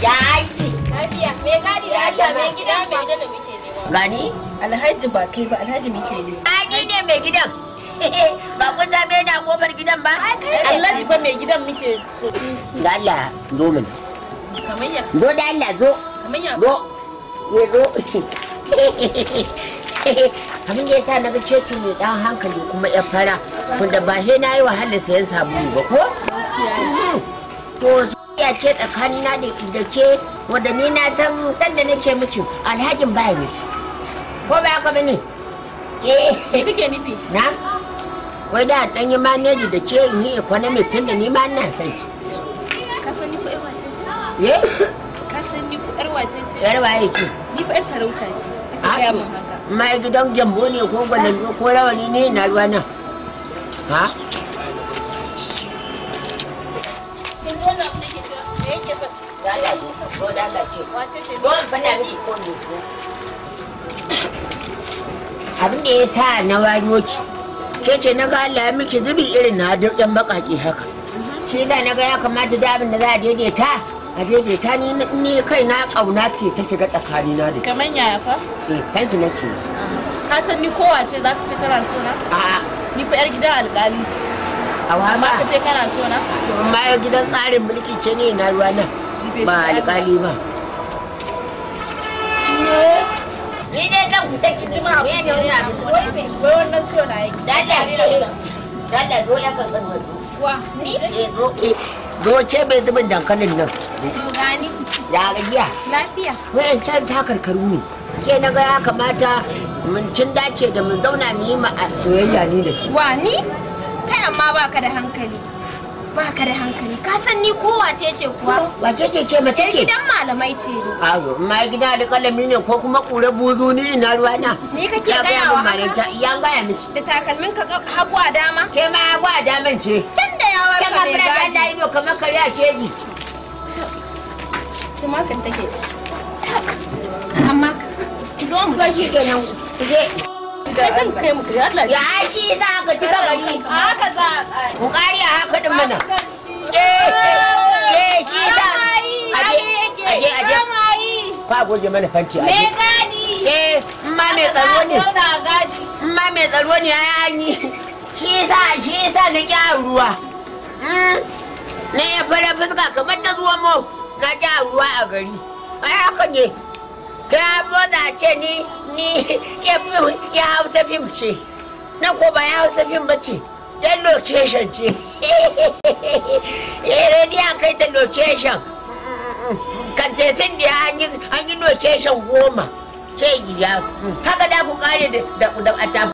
Ya aiki. Lafiya. Me kadi da Allah me gida me gida da muke nema. Gani? Alhaji ba kai ba Alhaji muke ne. Ai ni ne mai gidan. Ba kun zame da gobar gidan ba? Alhaji ba mai gidan muke so. Ga Allah zo mun. Kamayya. Zo da Allah zo. Kamayya. Zo. ye zo. abin da ya sa na ga ceci mai dan hankali kuma ya fara da ba he na yi wahalar sayan sabulu ba ko? ce tsakanina da ke wadda ni na san sanda nake miki alhakin ba ne ko ba ka bane eh kike nufi na wai da dan yi maneji da ke in yi economy tun da ni ma ina san ki ka san ni ku irwa ce eh ka san ni ku irwa ce yar waye ki ni fa sarauta ce ake ga mun haka mai gidan gembo ne ko gwanan ko rawani ne na ruwa nan ha abin da ya sa na wayo ki ke ce na ga Allah ya miki zubi irin na dan bakaki haka shi da na ga ya kamata da abin da za a daidaita a daidaita ni ne kai na ƙauna ce ta shiga tsakanina da kaman yaya fa eh kanki nake ka san ni kowace za ka ci kana suna a'a ni fa yar gidan alƙali ce hawa ma ka ce kana so na amma gidan tsarin mulki ce ne na ruwa nan ba alƙali ba ni dai kan ku sai ki juma abu yana wani abu wai me wai wannan so na yake dalla dalla zo ya kan kan wa ni eh, eh, eh. zo ke bai zubin dankalin nan to gani ya gajiya lafiya wayan can ta karkaru ne ke na ga ya kamata mun kin dace da mun zauna mu yi ma soyayya ni da shi wa ni ma ba ka da hankali ba ka da hankali ka san ni ko wace ce kuwa wace ce ke mace ce gidan malamai ce ne ayo ma gida alƙalami ne ko kuma kure buzu ni ina ruwa na ni kake gaya wa haka ya gaya miki da takalmin ka hagu a dama ke ma hagu dama ce can da yawa ka mai gadi kan Allah ido kamar kare a keji ke ma kan take amma zo mu ke nan ki je kai kan kai mu kai Allah ya shi za ka ci ka gari haka za kariya haka din mana eh, eh eh shi za aje aje aje fa goge mana fanci aje me gadi eh ma me tsaro ne ma me tsaro ne ai shi za shi za na ruwa hmm? ne ya fara fuska kamar ta zuwa na ruwa a gari ai haka ne da ce ni ni ya hausa fim ce na ko ba ya hausa fim ba ce yan location ce eh rediyon kai ta location kan tetin da an yi location goma ke giya haka da ku kare da a